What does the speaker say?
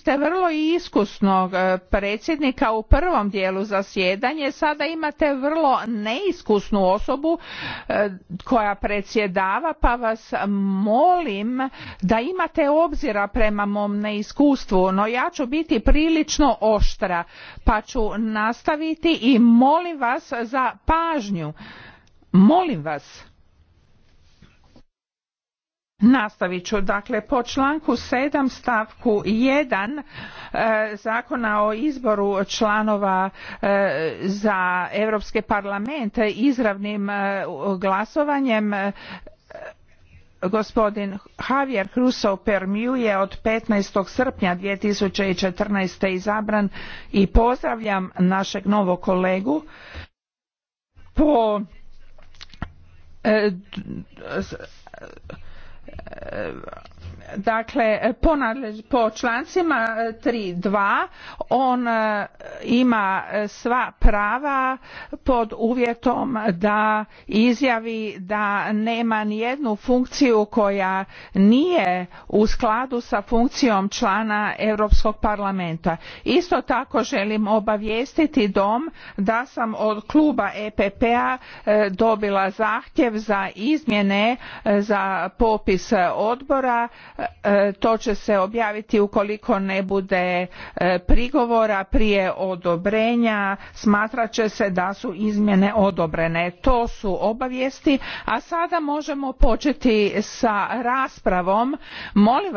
ste vrlo iskusnog e, predsjednika u prvom dijelu zasjedanja sada imate vrlo neiskusnu osobu e, koja predsjedava pa vas molim da imate obzira prema mom neiskustvu no ja ću biti prilično oštra pa ću nastaviti i molim vas za pažnju molim vas Nastavit ću. Dakle, po članku 7 stavku 1 e, zakona o izboru članova e, za Europske parlamente izravnim e, glasovanjem gospodin Javier Crusoe Permiu je od 15. srpnja 2014. izabran i pozdravljam našeg novog kolegu po evo Dakle, po, po člancima 3.2 e, on e, ima e, sva prava pod uvjetom da izjavi da nema nijednu funkciju koja nije u skladu sa funkcijom člana Europskog parlamenta. Isto tako želim obavijestiti dom da sam od kluba EPP-a dobila zahtjev za izmjene za popis odbora E, to će se objaviti ukoliko ne bude e, prigovora prije odobrenja smatrat će se da su izmjene odobrene to su obavijesti a sada možemo početi sa raspravom molim